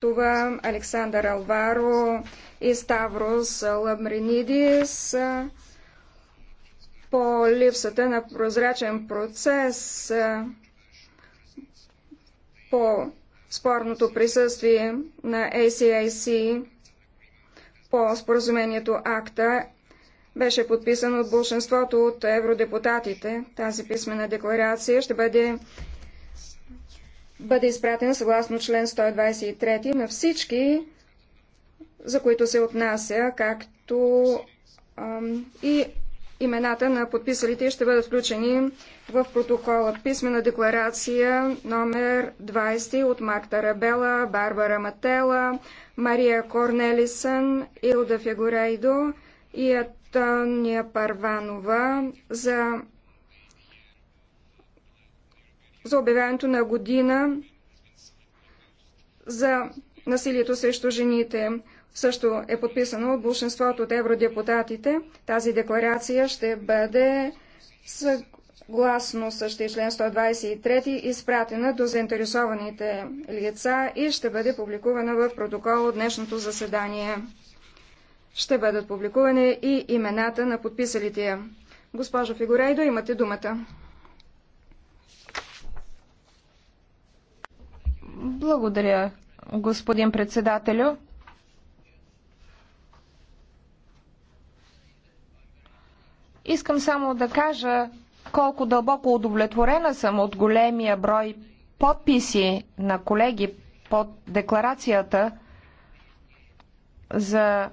това Александър Алваро и Ставрос Ламринидис по липсата на прозрачен процес по спорното присъствие на ACIC по споразумението АКТА беше подписано от большинството от евродепутатите. Тази писмена декларация ще бъде бъде изпратен съгласно член 123 на всички, за които се отнася, както ам, и имената на подписалите ще бъдат включени в протокола. Писмена декларация номер 20 от Марта Рабела, Барбара Матела, Мария Корнелисън, Илда Фигурейдо и Атония Парванова за за обявяването на година за насилието срещу жените. Също е подписано от большинството от евродепутатите. Тази декларация ще бъде съгласно същия член 123 изпратена до заинтересованите лица и ще бъде публикувана в протокол от днешното заседание. Ще бъдат публикувани и имената на подписалите Госпожо Фигурейдо, имате думата. Благодаря, господин председателю. Искам само да кажа колко дълбоко удовлетворена съм от големия брой подписи на колеги под декларацията за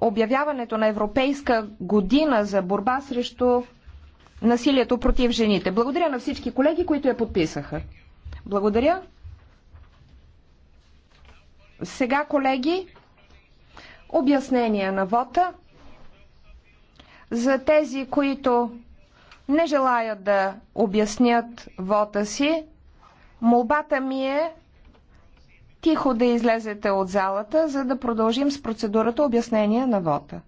обявяването на Европейска година за борба срещу насилието против жените. Благодаря на всички колеги, които я подписаха. Благодаря. Сега, колеги, обяснение на вота. За тези, които не желаят да обяснят вота си, молбата ми е тихо да излезете от залата, за да продължим с процедурата обяснение на вота.